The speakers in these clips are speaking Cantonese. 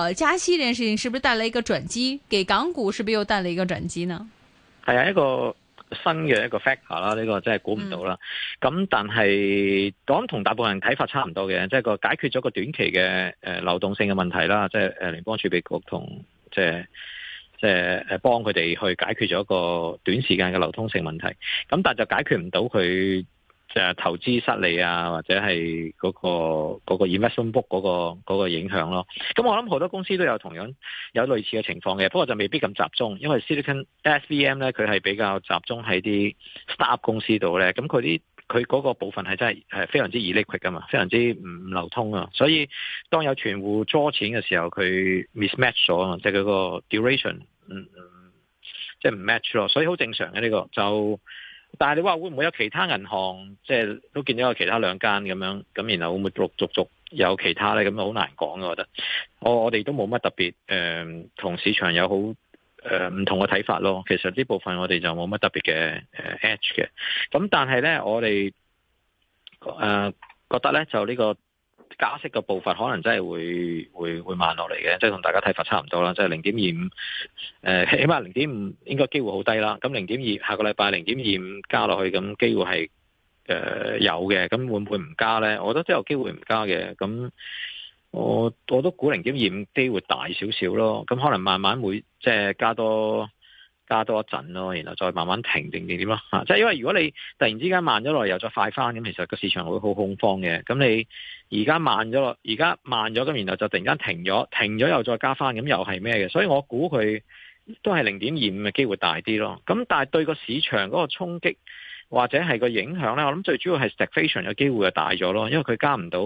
呃，加息呢件事情，是不是帶來一個轉機，給港股是不是又帶來一個轉機呢？係啊，一個新嘅一個 factor 啦，呢個真係估唔到啦。咁、嗯、但係，我諗同大部分人睇法差唔多嘅，即係個解決咗個短期嘅誒、呃、流動性嘅問題啦，即係誒聯邦儲備局同即係即係誒幫佢哋去解決咗一個短時間嘅流通性問題。咁但係就解決唔到佢。就係、是、投資失利啊，或者係嗰、那個嗰、那個 investment book 嗰、那個嗰、那個、影響咯。咁我諗好多公司都有同樣有類似嘅情況嘅，不過就未必咁集中，因為 Silicon SVM 咧，佢係比較集中喺啲 start up 公司度咧。咁佢啲佢嗰個部分係真係非常之 illiquid 噶嘛，非常之唔唔流通啊。所以當有存戶攞錢嘅時候，佢 mismatch 咗啊嘛，即係佢個 duration，嗯嗯，即係唔 match 咯。所以好正常嘅呢、這個就。但係你話會唔會有其他銀行，即係都見到有其他兩間咁樣，咁然後會陸陸續續有其他咧，咁好難講我覺得。我我哋都冇乜特別誒、呃，同市場有好誒唔同嘅睇法咯。其實呢部分我哋就冇乜特別嘅誒 edge 嘅。咁、嗯、但係咧，我哋誒、呃、覺得咧就呢、這個。加息嘅步伐可能真係會會會慢落嚟嘅，即係同大家睇法差唔多啦。即係零點二五，誒起碼零點五應該機會好低啦。咁零點二下個禮拜零點二五加落去，咁機會係誒、呃、有嘅。咁會唔會唔加咧？我覺得都有機會唔加嘅。咁我我都估零點二五機會大少少咯。咁可能慢慢會即係、就是、加多。加多一陣咯，然後再慢慢停定定點咯嚇。即係因為如果你突然之間慢咗落，又再快翻，咁其實個市場會好恐慌嘅。咁你而家慢咗落，而家慢咗，咁然後就突然間停咗，停咗又再加翻，咁又係咩嘅？所以我估佢都係零點二五嘅機會大啲咯。咁但係對個市場嗰個衝擊或者係個影響咧，我諗最主要係 stagflation 嘅機會又大咗咯，因為佢加唔到，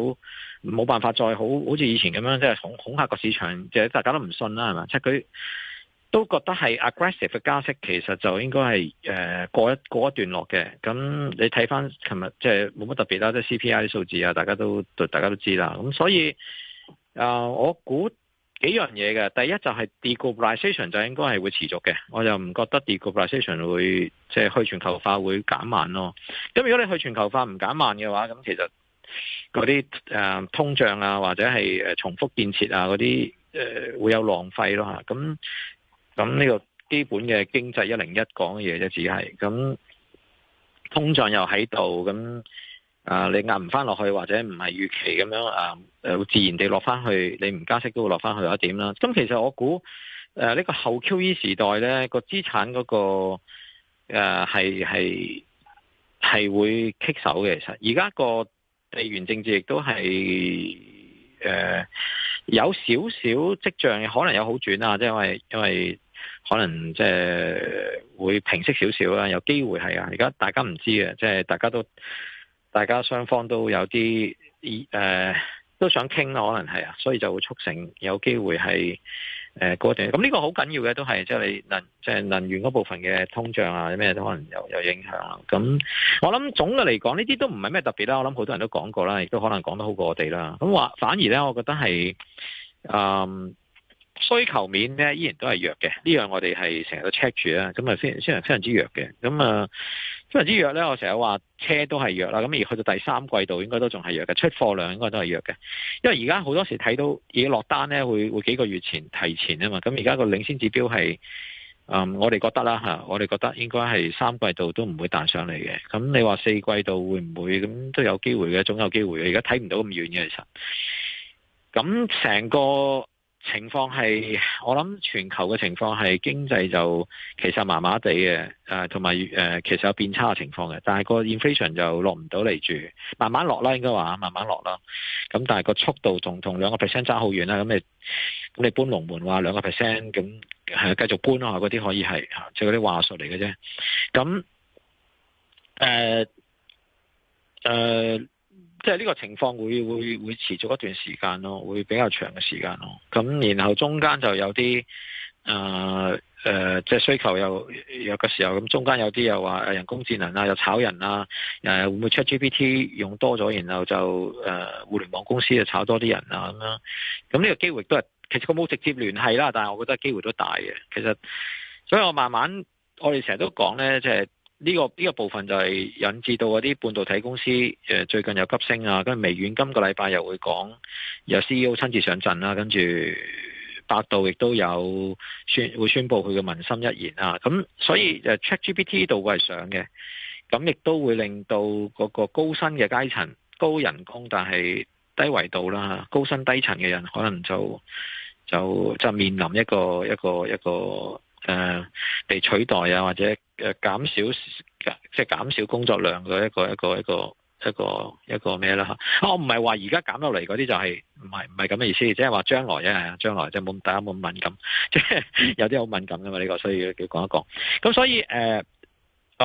冇辦法再好好似以前咁樣，即係恐恐嚇個市場，即係大家都唔信啦，係咪？即係佢。都覺得係 aggressive 嘅加息，其實就應該係誒過一過一段落嘅。咁你睇翻琴日即係冇乜特別啦，即係 CPI 數字啊，大家都大家都知啦。咁所以啊、呃，我估幾樣嘢嘅。第一就係 deglobalization 就應該係會持續嘅。我又唔覺得 deglobalization 會即係去全球化會減慢咯。咁如果你去全球化唔減慢嘅話，咁其實嗰啲誒通脹啊，或者係重複建設啊嗰啲誒會有浪費咯咁。咁呢個基本嘅經濟一零一講嘅嘢啫，只係咁通脹又喺度，咁啊、呃、你壓唔翻落去或者唔係預期咁樣啊，就、呃、自然地落翻去，你唔加息都會落翻去一點啦。咁其實我估，誒呢個後 QE 時代咧、嗰個資產嗰個誒係係係會棘手嘅。其實而家個地緣政治亦都係誒有少少跡象可能有好轉啊，即係因為因為。因為可能即係、呃、會平息少少啦，有機會係啊，而家大家唔知啊，即係大家都大家雙方都有啲，誒、呃、都想傾咯，可能係啊，所以就會促成有機會係誒嗰段。咁、呃、呢、呢個好緊要嘅，都係即係能即係能源嗰部分嘅通脹啊，咩都可能有有影響。咁我諗總嘅嚟講，呢啲都唔係咩特別啦。我諗好多人都講過啦，亦都可能講得好過我哋啦。咁話反而咧，我覺得係嗯。呃需求面咧，依然都係弱嘅，呢樣我哋係成日都 check 住啦，咁啊非常非常非常之弱嘅，咁、嗯、啊非常之弱咧。我成日話車都係弱啦，咁而去到第三季度應該都仲係弱嘅，出貨量應該都係弱嘅，因為而家好多時睇到已經落單咧，會會幾個月前提前啊嘛，咁而家個領先指標係，嗯，我哋覺得啦吓，我哋覺得應該係三季度都唔會彈上嚟嘅，咁、嗯、你話四季度會唔會咁都有機會嘅，總有機會嘅，而家睇唔到咁遠嘅其實，咁、嗯、成個。情況係，我諗全球嘅情況係經濟就其實麻麻地嘅，誒同埋誒其實有變差嘅情況嘅，但係個 inflation 就落唔到嚟住，慢慢落啦應該話，慢慢落啦。咁但係個速度仲同兩個 percent 差好遠啦，咁你，咁你搬龍門話兩個 percent，咁係繼續搬咯嚇，嗰啲可以係嚇，即係嗰啲話術嚟嘅啫。咁誒誒。呃呃即係呢個情況會會會持續一段時間咯，會比較長嘅時間咯。咁然後中間就有啲誒誒，即、呃、係、呃就是、需求又有嘅時候，咁中間有啲又話誒人工智能啊，又炒人啊，誒會唔會出 GPT 用多咗，然後就誒、呃、互聯網公司就炒多啲人啊咁樣。咁呢個機會都係其實佢冇直接聯繫啦，但係我覺得機會都大嘅。其實所以我慢慢我哋成日都講咧，即係。呢個呢個部分就係引致到嗰啲半導體公司最近有急升啊，跟住微軟今個禮拜又會講有 CEO 親自上陣啦，跟住百度亦都有宣會宣佈佢嘅民心一言啊，咁所以 ChatGPT 度係上嘅，咁亦都那會令到嗰個高薪嘅階層、高人工但係低維度啦，高薪低層嘅人可能就就就面臨一個一個一個。一個一個誒、呃，被取代啊，或者誒、呃、減少，即係減少工作量嘅一個一個一個一個一個咩啦吓？我唔係話而家減落嚟嗰啲就係唔係唔係咁嘅意思，即係話將來啊，將來即係冇大家冇咁敏感，即 係有啲好敏感噶嘛呢，呢個，所以要講一講。咁所以誒、呃，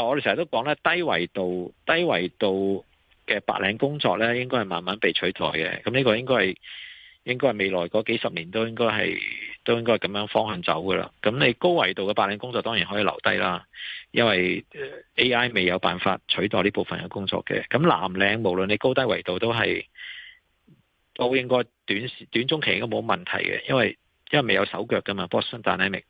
我哋成日都講咧，低維度、低維度嘅白領工作咧，應該係慢慢被取代嘅。咁呢個應該係。應該係未來嗰幾十年都應該係都應該係咁樣方向走噶啦。咁你高維度嘅白領工作當然可以留低啦，因為 A I 未有辦法取代呢部分嘅工作嘅。咁藍領無論你高低維度都係都應該短短中期應該冇問題嘅，因為因為未有手腳噶嘛。b o s n d y n a m i c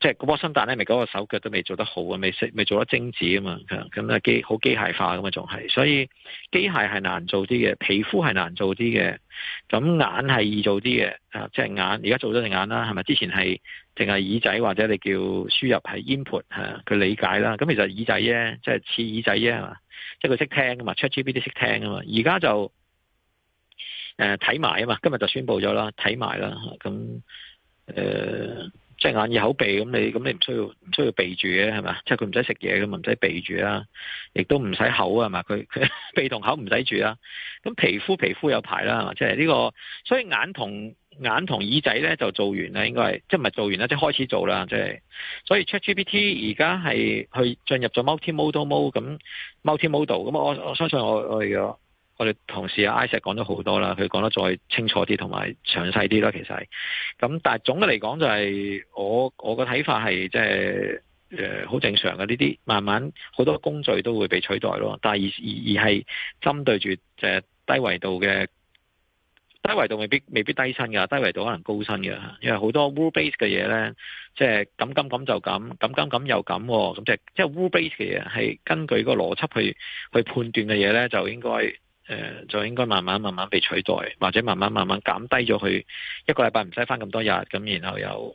即係個波心蛋咧，未、那、嗰個手腳都未做得好啊，未識未做得精致啊嘛，咁啊機好機械化咁啊，仲係所以機械係難做啲嘅，皮膚係難做啲嘅，咁眼係易做啲嘅啊，即係眼而家做咗隻眼啦，係咪？之前係淨係耳仔或者你叫輸入係 input 佢、啊、理解啦，咁其實耳仔啫，即係似耳仔啫嘛，即係佢識聽啊嘛，ChatGPT 識聽啊嘛，而家就誒睇埋啊嘛，今日就宣布咗啦，睇埋啦，咁、啊、誒。眼耳口鼻咁你咁你唔需要唔需要避住嘅係嘛？即係佢唔使食嘢咁唔使避住啊，亦都唔使口啊嘛？佢佢鼻同口唔使住啦。咁皮膚皮膚有排啦，即係呢個。所以眼同眼同耳仔咧就做完啦，應該係即係唔係做完啦，即係開始做啦。即係所以 ChatGPT 而家係去進入咗 multi-modal mode 咁 multi-modal 咁我我相信我我哋。我哋同事阿 Isaac 講咗好多啦，佢講得再清楚啲同埋詳細啲啦，其實，咁但係總嘅嚟講就係、是、我我個睇法係即係誒好正常嘅呢啲，慢慢好多工序都會被取代咯。但係而而而係針對住就係低維度嘅低維度未必未必低薪噶，低維度可能高薪噶，因為好多 rule base 嘅嘢咧，即係咁咁咁就咁、是，咁咁咁又咁，咁即係即係 rule base 嘅嘢係根據嗰個邏輯去去判斷嘅嘢咧，就應該。誒、呃，就應該慢慢慢慢被取代，或者慢慢慢慢減低咗佢，一個禮拜唔使翻咁多日，咁然後又誒、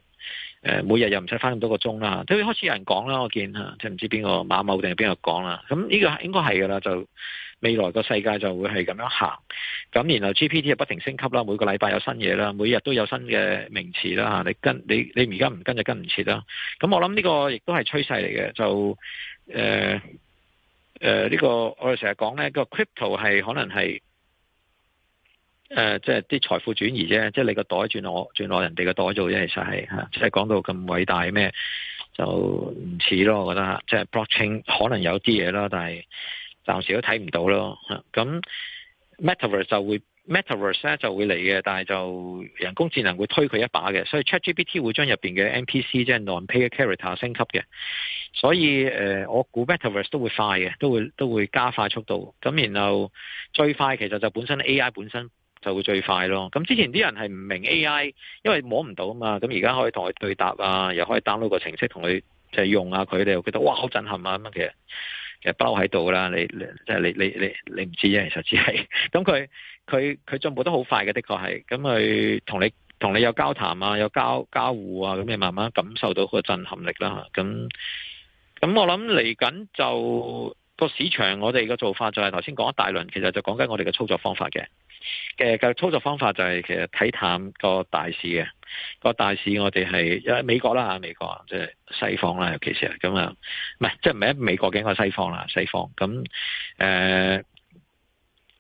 呃，每日又唔使翻咁多個鐘啦。都開始有人講啦，我見即係唔知邊個馬某定係邊個講啦。咁、嗯、呢、呢個應該係噶啦，就未來個世界就會係咁樣行。咁然後 GPT 又不停升級啦，每個禮拜有新嘢啦，每日都有新嘅名詞啦吓。你跟你你而家唔跟就跟唔切啦。咁、嗯、我諗呢個亦都係趨勢嚟嘅，就誒。呃誒、呃，這個、呢個我哋成日講咧，這個 crypto 係可能係誒、呃，即係啲財富轉移啫，即係你個袋轉我，轉我人哋個袋做啫，其實係吓、啊，即係講到咁偉大咩，就唔似咯，我覺得即係 blockchain 可能有啲嘢咯，但係暫時都睇唔到咯吓，咁、啊、metaverse 就會。Metaverse 咧就會嚟嘅，但係就人工智能會推佢一把嘅，所以 ChatGPT 會將入面嘅 NPC 即係 non-paid character 升級嘅。所以、呃、我估 Metaverse 都會快嘅，都會都會加快速度。咁然後最快其實就本身 AI 本身就會最快咯。咁之前啲人係唔明 AI，因為摸唔到啊嘛。咁而家可以同佢對答啊，又可以 download 個程式同佢就用啊，佢哋又覺得哇好震撼啊，咁樣其實。誒包喺度啦，你你即係你你你你唔知嘅。其實只係咁，佢佢佢進步得好快嘅，的確係咁，佢同你同你有交談啊，有交交互啊，咁你慢慢感受到個震撼力啦，咁咁我諗嚟緊就個市場，我哋嘅做法就係頭先講一大輪，其實就講緊我哋嘅操作方法嘅。嘅嘅操作方法就係其實睇淡大，個大市嘅個大市，我哋係因為美國啦吓，美國即係西方啦，尤其是咁啊，唔係即係唔係喺美國嘅，我係西方啦，西方咁誒、呃，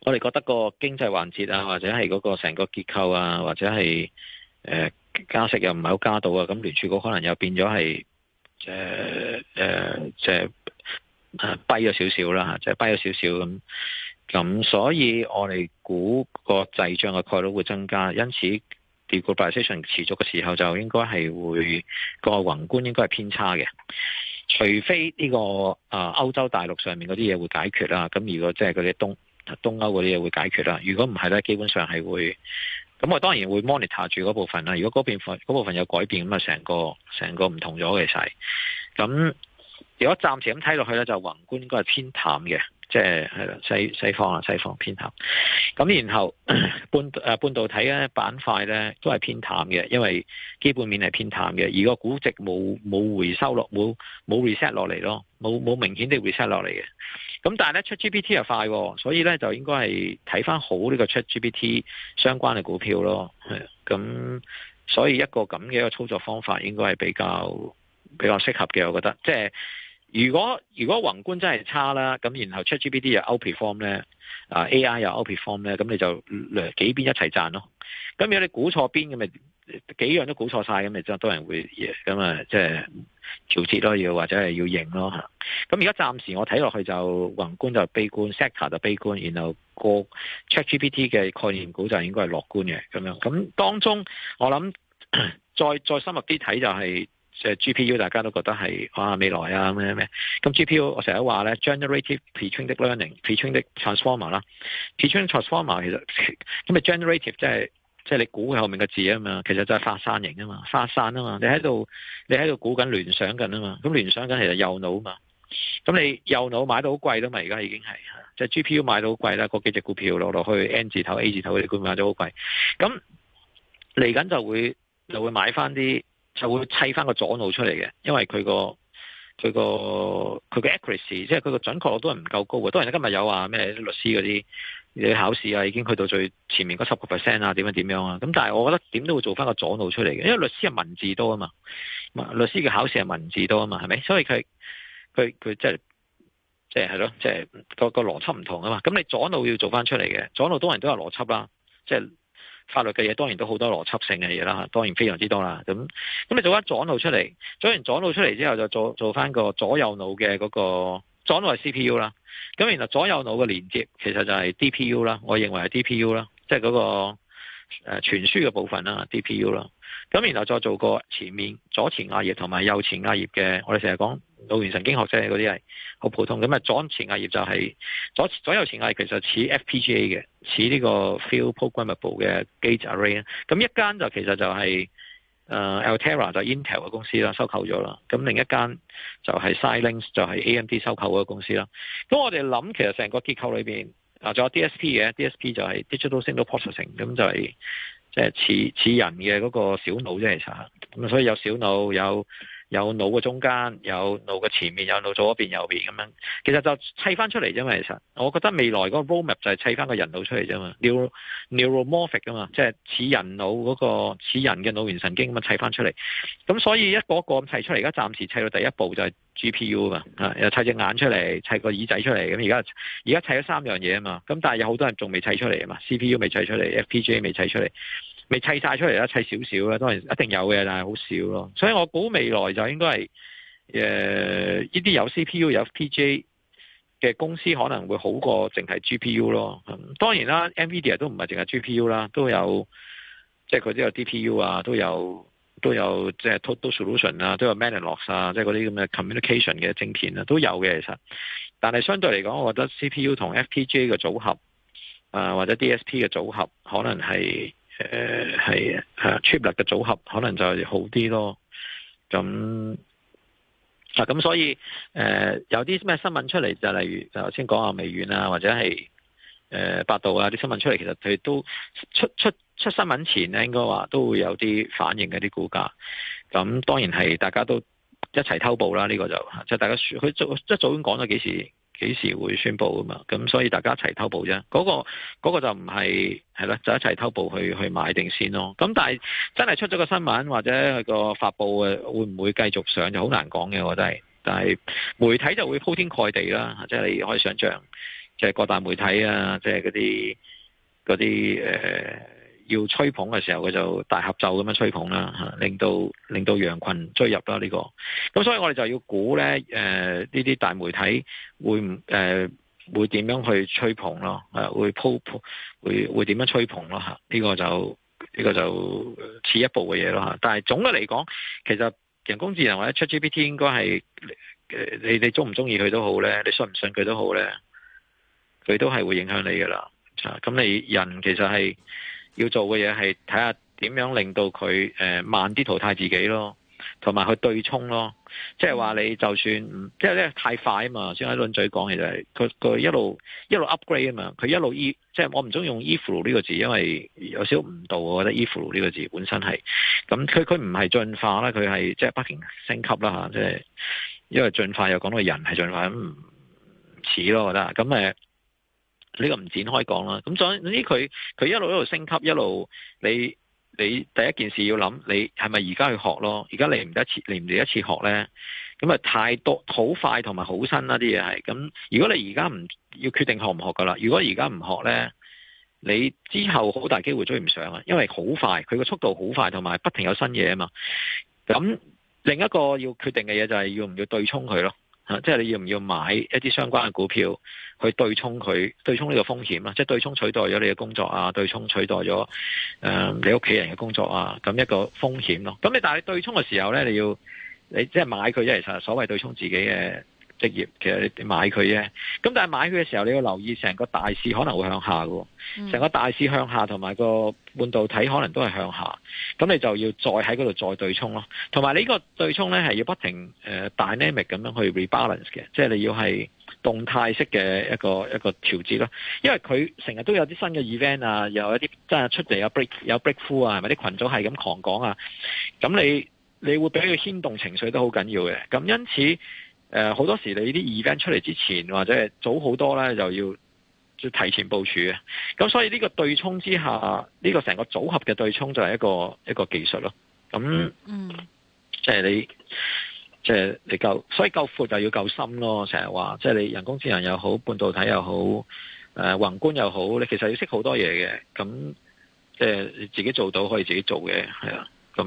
我哋覺得個經濟環節啊，或者係嗰個成個結構啊，或者係誒、呃、加息又唔係好加到啊，咁聯儲局可能又變咗係誒誒即係誒低咗少少啦，即係低咗少少咁。呃呃呃咁、嗯、所以，我哋估個滯脹嘅概率會增加，因此調高 valuation 持續嘅時候，就應該係會、個宏觀應該係偏差嘅，除非呢、個啊歐洲大陸上面嗰啲嘢會解決啦。咁如果即係嗰啲東東歐嗰啲嘢會解決啦，如果唔係咧，基本上係會咁，我當然會 monitor 住嗰部分啦。如果嗰邊嗰部分有改變，咁啊成個成個唔同咗嘅曬咁。如果暫時咁睇落去咧，就宏觀應該係偏淡嘅，即係啦，西西方啊，西方偏淡。咁然後半半導體咧板塊咧都係偏淡嘅，因為基本面係偏淡嘅，而個估值冇冇回收落，冇冇 reset 落嚟咯，冇冇明顯啲 reset 落嚟嘅。咁但係咧 Chat GPT 又快，所以咧就應該係睇翻好呢個 Chat GPT 相關嘅股票咯。咁，所以一個咁嘅一個操作方法應該係比較比較適合嘅，我覺得，即、就係如果如果宏觀真係差啦，咁然後 ChatGPT 又 outperform 咧，啊 AI 又 outperform 咧，咁你就幾邊一齊賺咯。咁如果你估錯邊咁咪幾樣都估錯晒，咁咪真係多人會咁啊，即係調節咯，要或者係要認咯吓。咁而家暫時我睇落去就宏觀就悲觀，sector 就悲觀，然後個 ChatGPT 嘅概念股就應該係樂觀嘅咁樣。咁當中我諗再再深入啲睇就係、是。即係 G P U，大家都覺得係，哇未來啊咩咩。咁 G P U 我成日話咧，generative pretraining learning p r e t r a i n g transformer 啦 p r e t r a i n g transformer 其實咁，啊 generative 即係即係你估佢後面嘅字啊嘛，其實就係發散型啊嘛，發散啊嘛，你喺度你喺度估緊聯想緊啊嘛，咁聯想緊其實右腦啊嘛，咁你右腦買到好貴啦嘛，而家已經係即係、就是、G P U 買到好貴啦，嗰幾隻股票落落去 N 字頭 A 字頭嗰啲股票買到好貴，咁嚟緊就會就會買翻啲。就會砌翻個左腦出嚟嘅，因為佢個佢個佢個 accuracy，即係佢個準確都係唔夠高嘅。當然今日有話咩律師嗰啲，你考試啊已經去到最前面嗰十個 percent 啊，點樣點樣啊？咁但係我覺得點都會做翻個左腦出嚟嘅，因為律師係文字多啊嘛，律師嘅考試係文字多啊嘛，係咪？所以佢佢佢即係即係係咯，即係個個邏輯唔同啊嘛。咁你左腦要做翻出嚟嘅，左腦當然都有邏輯啦，即係。法律嘅嘢當然都好多邏輯性嘅嘢啦，當然非常之多啦。咁咁你做返左腦出嚟，做完左腦出嚟之後就做做返個左右腦嘅嗰個左腦係 CPU 啦，咁然後左右腦嘅連接其實就係 DPU 啦，我認為係 DPU 啦，即係嗰個誒傳輸嘅部分啦，DPU 啦。咁然後再做個前面左前額葉同埋右前額葉嘅，我哋成日講。腦元神經學者嗰啲係好普通咁啊，左前額葉就係、左、左右前額葉其實似 FPGA 嘅，似呢個 field programmable 嘅 gate array。咁一間就其實就係、係呃、Altera 就係 Intel 嘅公司啦，收購咗啦。咁另一間就係 Silence 就係 AMD 收購嘅公司啦。咁我哋諗其實成個結構裏面，啊，仲有 DSP 嘅 DSP 就係 digital signal processing，咁就係即係似似人嘅嗰個小腦啫係咋咁啊，所以有小腦有。有腦嘅中間，有腦嘅前面，有腦左邊、右邊咁樣。其實就砌翻出嚟啫嘛，其實我覺得未來嗰、嗰個 roadmap 就係砌翻個人腦出嚟啫嘛，neuromorphic 啊嘛，即係似人腦嗰個似人嘅腦元神經咁啊砌翻出嚟。咁所以一個一個咁砌出嚟，而家暫時砌到第一步就係 G P U 啊，又砌隻眼出嚟，砌個耳仔出嚟。咁而家而家砌咗三樣嘢啊嘛，咁但係有好多人仲未砌出嚟啊嘛，C P U 未砌出嚟，F P G A 未砌出嚟。未砌晒出嚟啦，砌少少啦，當然一定有嘅，但係好少咯。所以我估未來就應該係誒呢啲有 CPU 有 FPGA 嘅公司可能會好過淨係 GPU 咯。當然啦，NVIDIA 都唔係淨係 GPU 啦，都有即係佢都有 DPU 啊，都有都有即係 total solution 啊，都有 Mellanox 啊，即係嗰啲咁嘅 communication 嘅晶片啊，都有嘅其實。但係相對嚟講，我覺得 CPU 同 FPGA 嘅組合啊，呃，或者 DSP 嘅組合可能係。誒、呃，係誒 trip 嘅組合可能就係好啲咯。咁、嗯、啊，咁所以誒、呃，有啲咩新聞出嚟就例如就頭先講下微軟啊，或者係誒、呃、百度啊啲新聞出嚟，其實佢都出出出，出新聞前咧，應該話都會有啲反應嘅啲股價。咁、嗯、當然係大家都一齊偷步啦。呢、這個就即係大家佢早一早已經講咗幾時幾時會宣佈啊嘛？咁所以大家一齊偷步啫。嗰個嗰個就唔係係啦，就一齊偷步去去買定先咯。咁但係真係出咗個新聞或者個發布會唔會繼續上就好難講嘅啊。我覺得係，但係媒體就會鋪天蓋地啦。即係你可以想象，即係各大媒體啊，即係嗰啲嗰啲誒。要吹捧嘅時候，佢就大合奏咁樣吹捧啦，吓令到令到羊群追入啦呢個。咁所以我哋就要估咧，誒呢啲大媒體會唔誒、呃、會點樣去吹捧咯？誒會鋪會會點樣吹捧咯？吓、這、呢個就呢、這個就似一步嘅嘢咯。但係總嘅嚟講，其實人工智能或者 ChatGPT 應該係，你你中唔中意佢都好呢，你信唔信佢都好呢？佢都係會影響你噶啦。咁你人其實係。要做嘅嘢係睇下點樣令到佢、呃、慢啲淘汰自己咯，同埋去對沖咯。即係話你就算即係咧太快啊嘛，先喺論嘴講其實佢佢一路一路 upgrade 啊嘛。佢一路 e 即係我唔鍾意用 evolve 呢個字，因為有少少誤導，我覺得 evolve 呢個字本身係咁，佢佢唔係進化啦，佢係即係不停升級啦嚇。即係因為進化又講到人係進化咁唔似咯，我覺得咁誒。嗯呃呢、個唔展開講啦。咁所以總之佢佢一路一路升級，一路你你第一件事要諗，你係咪而家去學咯？而家嚟唔得一嚟唔嚟一次學呢？咁啊太多，好快同埋好新啦啊啲嘢係。咁如果你而家唔要決定學唔學噶啦，如果而家唔學呢，你之後好大機會追唔上啊，因為好快，佢個速度好快，同埋不停有新嘢啊嘛。咁另一個要決定嘅嘢就係要唔要對沖佢咯。即係你要唔要買一啲相關嘅股票去對沖佢對沖呢個風險啦，即係對沖取代咗你嘅工作啊，對沖取代咗誒、呃、你屋企人嘅工作啊，咁一個風險咯。咁你但係對沖嘅時候呢，你要你即係買佢，其實所謂對沖自己嘅。職業嘅你買佢啫，咁但係買佢嘅時候，你要留意成個大市可能會向下喎。成、嗯、個大市向下同埋個半導體可能都係向下，咁你就要再喺嗰度再對沖咯。同埋你呢個對沖呢係要不停誒 dynamic 咁樣去 rebalance 嘅，即係你要係動態式嘅一個一個調節咯。因為佢成日都有啲新嘅 event 啊，又有一啲真係出嚟有 break 有 break foo 啊，係咪啲群組係咁狂講啊？咁你你會俾佢牽動情緒都好緊要嘅，咁因此。誒、呃，好多時你啲 event 出嚟之前或者係早好多咧，就要提前部署嘅。咁所以呢個對沖之下，呢、這個成個組合嘅對沖就係一個一個技術咯。咁，嗯，即、嗯、係、就是、你，即、就、係、是、你夠，所以夠闊就要夠深咯。成日話，即、就、係、是、你人工智能又好，半導體又好，誒、呃，宏觀又好，你其實要識好多嘢嘅。咁，即、就、係、是、自己做到可以自己做嘅，係啊，咁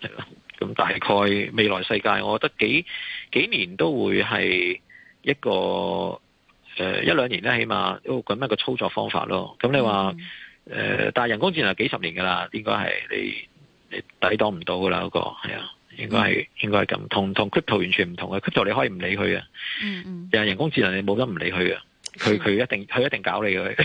係咯。咁大概未來世界，我覺得幾幾年都會係一個誒、呃、一兩年咧，起碼都咁樣一個操作方法咯。咁你話誒、嗯呃，但係人工智能係幾十年噶啦，應該係你你抵擋唔到噶啦，嗰、嗰個係啊，應該係、嗯、應該係咁。同同 crypto 完全唔同嘅，crypto 你可以唔理佢嘅，但、嗯、係、嗯、人工智能你冇得唔理佢嘅，佢佢一定佢一定搞你嘅。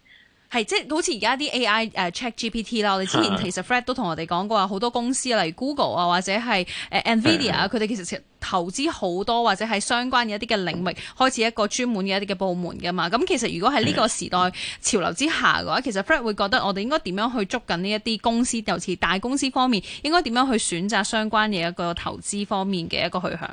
係即係好似而家啲 A.I. 誒、uh, ChatGPT 啦。我哋之前其實 Fred 都同我哋講過話，好多公司例如 Google 啊，或者係 Nvidia 啊，佢哋其實投資好多或者係相關嘅一啲嘅領域開始一個專門嘅一啲嘅部門㗎嘛。咁其實如果喺呢個時代潮流之下嘅話，其實 Fred 會覺得我哋應該點樣去捉緊呢一啲公司，尤其大公司方面，應該點樣去選擇相關嘅一個投資方面嘅一個去向。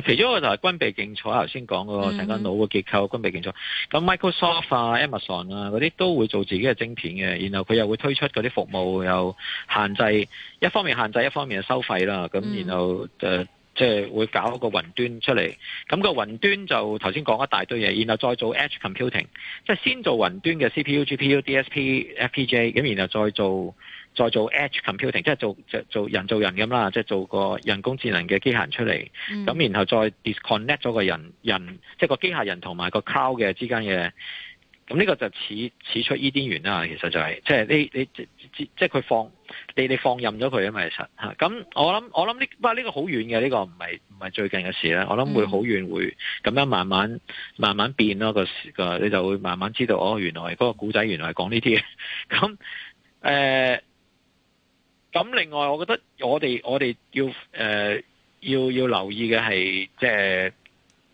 其中一個就係軍備競賽，頭先講嗰個成個腦嘅結構軍備競賽。咁 Microsoft 啊、Amazon 啊嗰啲都會做自己嘅晶片嘅，然後佢又會推出嗰啲服務，又限制一方面限制，一方面係收費啦。咁然後誒，即係、就是、會搞一個雲端出嚟。咁、那個雲端就頭先講一大堆嘢，然後再做 Edge Computing，即係先做雲端嘅 CPU、GPU、DSP、FPGA，咁然後再做。再做 Edge computing，即係做做做人做人咁啦，即係做個人工智能嘅機械人出嚟，咁、嗯、然後再 disconnect 咗個人人，即係個機械人同埋個 cloud 嘅之間嘅，咁、嗯、呢、這個就似似出伊甸園啦，其實就係、是、即係你你即係佢放你你放任咗佢啊，其實咁我諗我諗呢、這個這個、不呢個好遠嘅，呢個唔係唔係最近嘅事啦。我諗會好遠會咁樣慢慢慢慢變咯，個時個你就會慢慢知道哦，原來嗰、那個故仔原來講講呢啲嘅。咁、嗯、誒。呃咁另外，我覺得我哋我哋要誒、呃、要要留意嘅係即係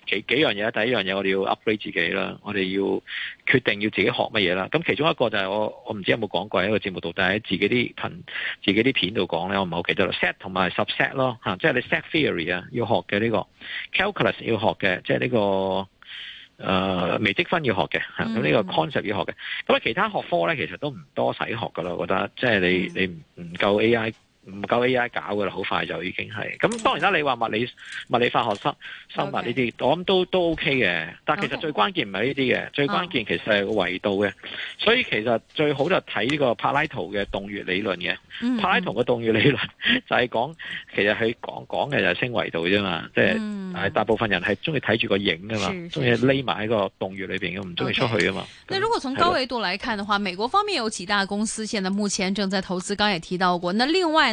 幾幾樣嘢。第一樣嘢，我哋要 update 自己啦，我哋要決定要自己學乜嘢啦。咁其中一個就係、是、我我唔知有冇講過喺一、這個節目度，但係喺自己啲頻自己啲片度講咧，我唔係好記得啦。set 同埋 subset 咯吓，即係你 set theory 啊，要學嘅呢、這個 calculus 要學嘅，即係呢、這個。誒、呃，微積分要學嘅吓，咁、這、呢個 concept 要學嘅，咁、嗯、啊，其他學科咧其實都唔多使學噶啦。我覺得即係你、嗯、你唔唔夠 AI。唔夠 A.I. 搞嘅啦，好快就已經係咁。當然啦，你話物理、物理化學、生生物呢啲，okay. 我諗都都 O.K. 嘅。但其實最關鍵唔係呢啲嘅，最關鍵其實係個維度嘅。所以其實最好就睇呢個柏拉圖嘅洞穴理論嘅、嗯。柏拉圖嘅洞穴理論就係講其實佢講講嘅就係升維度啫嘛，即、就、係、是嗯、大部分人係中意睇住個影噶嘛，中意匿埋喺個洞穴裏邊嘅，唔中意出去啊嘛。Okay. 如果從高維度嚟看嘅話的，美國方面有幾大公司現在目前正在投資，剛也提到過。那另外？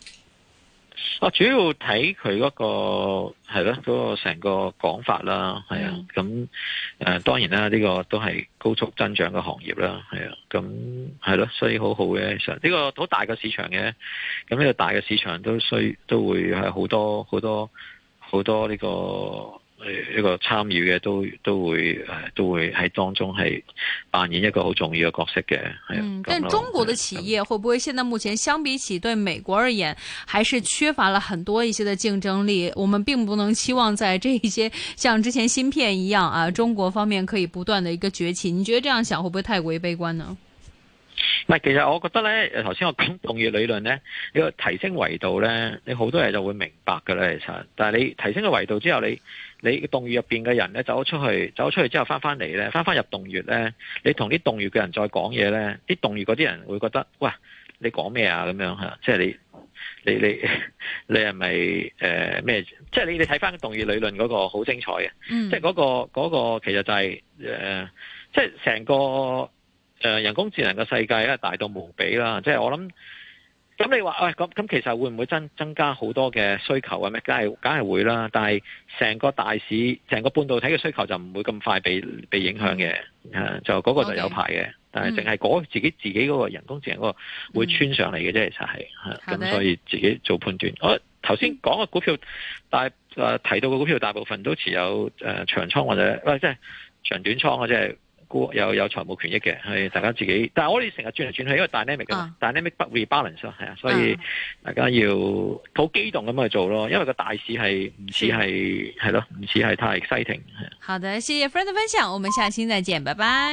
主要睇佢嗰個係咯，嗰、那個成個講法啦，係啊，咁誒、呃，當然啦，呢、這個都係高速增長嘅行業啦，係啊，咁係咯，所以好好嘅，其實、這、呢個好大嘅市場嘅，咁呢個大嘅市場都需都會係好多好多好多呢、這個。呢個參與嘅都都會誒都會喺當中係扮演一個好重要嘅角色嘅。嗯，但中國嘅企業會不會現在目前相比起對美國而言，還是缺乏了很多一些嘅競爭力？我們並不能期望在這一些像之前芯片一樣啊，中國方面可以不斷的一個崛起。你覺得這樣想會不會太過於悲觀呢？唔係，其實我覺得咧，頭先我講同業理論咧，呢個提升維度咧，你好多人就會明白噶啦。其實，但係你提升個維度之後你，你你洞穴入邊嘅人咧走咗出去，走咗出去之後翻翻嚟咧，翻翻入洞穴咧，你同啲洞穴嘅人再講嘢咧，啲洞穴嗰啲人會覺得，喂，你講咩啊？咁樣吓，即係你你你你係咪誒咩？即係你你睇翻洞穴理論嗰個好精彩嘅，即係嗰個嗰個其實就係誒，即係成個誒人工智能嘅世界咧，大到無比啦，即係我諗。咁你話咁咁其實會唔會增增加好多嘅需求咩啊？梗係梗係會啦，但係成個大市、成個半導體嘅需求就唔會咁快被被影響嘅。mm -hmm. 啊，就嗰個就有排嘅，okay. 但係淨係自己自己嗰個人工智能嗰個會穿上嚟嘅啫，其實係咁，所以自己做判斷。我頭先講嘅股票，大、啊、提到嘅股票大部分都持有誒、呃、長倉或者，即、啊、係長短倉或者。有有財務權益嘅係大家自己，但係我哋成日轉嚟轉去，因為 dynamic 㗎嘛 dynamic rebalance 係啊 but，所以大家要好激動咁去做咯。因為個大市係唔似係係咯，唔似係太 exciting。係。好的，謝謝 friend 的分享，我們下期再見，拜拜。